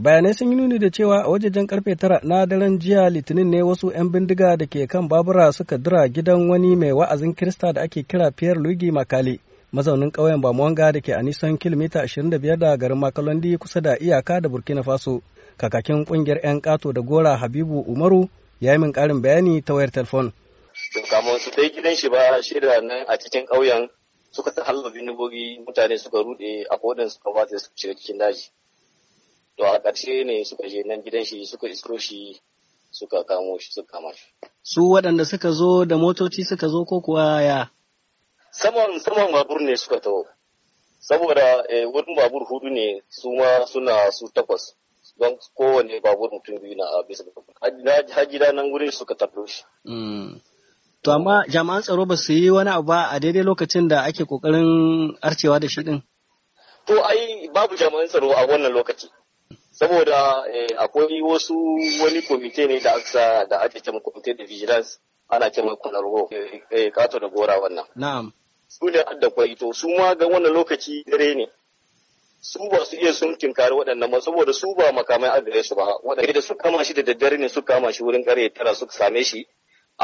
bayanai sun yi nuni da cewa a wajejen karfe tara na daren jiya litinin ne wasu 'yan bindiga da ke kan babura suka dira gidan wani mai wa'azin kirista da ake kira pierre luigi makali mazaunin kauyen bamuwanga da ke a nisan kilomita 25 da garin makalondi kusa da iyaka da burkina faso kakakin kungiyar 'yan kato da gora habibu umaru ya yi min ƙarin bayani ta wayar telefon. su ta gidan shi ba shida nan a cikin ƙauyen suka ta halba bindigogi mutane suka rude a kodin suka ba su shiga cikin daji to a ƙarshe ne suka je nan gidan shi suka isko shi suka kamo shi suka kama shi su waɗanda suka zo da motoci suka zo ko kuwa ya saman saman babur ne suka taho saboda eh, wurin babur hudu ne su ma suna su takwas don kowane babur mutum biyu na bisa har gida nan wurin suka tardo shi hmm. To amma jami'an tsaro ba su yi wani abu ba a daidai lokacin da ake kokarin arcewa da shi din. To ai babu jami'an tsaro a wannan lokaci. saboda eh, akwai wasu wani komite ne da aka da ake cewa komite da vigilance ana cewa kunarwo eh, eh kato da gora wannan na'am su ne adda kwai to su ma ga wannan lokaci dare ne su ba su iya sun tinkari waɗannan ba saboda su ba makamai a su ba waɗanda da su kama shi da daddare ne su kama shi wurin kare tara suka same shi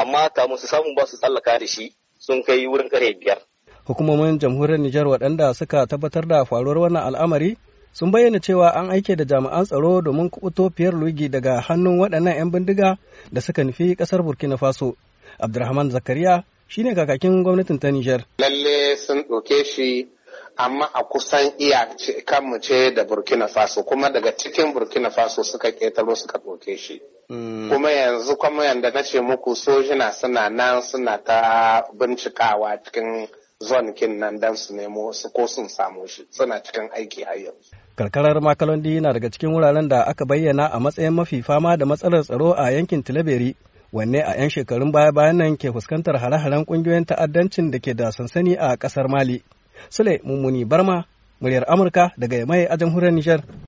amma kamun su samu ba su tsallaka da shi sun kai wurin kare biyar hukumomin jamhuriyar Nijar waɗanda suka tabbatar da faruwar wannan al'amari sun bayyana cewa an aike da jami'an tsaro domin kubuto fiyar luigi daga hannun waɗannan 'yan bindiga da suka nufi ƙasar burkina faso abdulrahman zakariya shine kakakin gwamnatin ta nijar lalle sun ɗauke shi amma a kusan iya kanmu ce da burkina faso kuma daga cikin burkina faso suka ƙetaro suka ɗauke shi mm. kuma yanzu kuma yanda na ce muku sojina suna nan suna ta bincikawa cikin zon kin nan dan su nemo su ko sun samu shi suna cikin aiki har yanzu. Karkarar Makalondi na daga cikin wuraren da aka bayyana a matsayin mafi fama da matsalar tsaro a yankin Tilaberi. Wanne a 'yan shekarun baya-bayan nan ke fuskantar hare-haren ƙungiyoyin ta'addancin da ke da sansani a ƙasar Mali. Sule Mummuni Barma, muryar Amurka daga Yamai a jamhuriyar Nijar.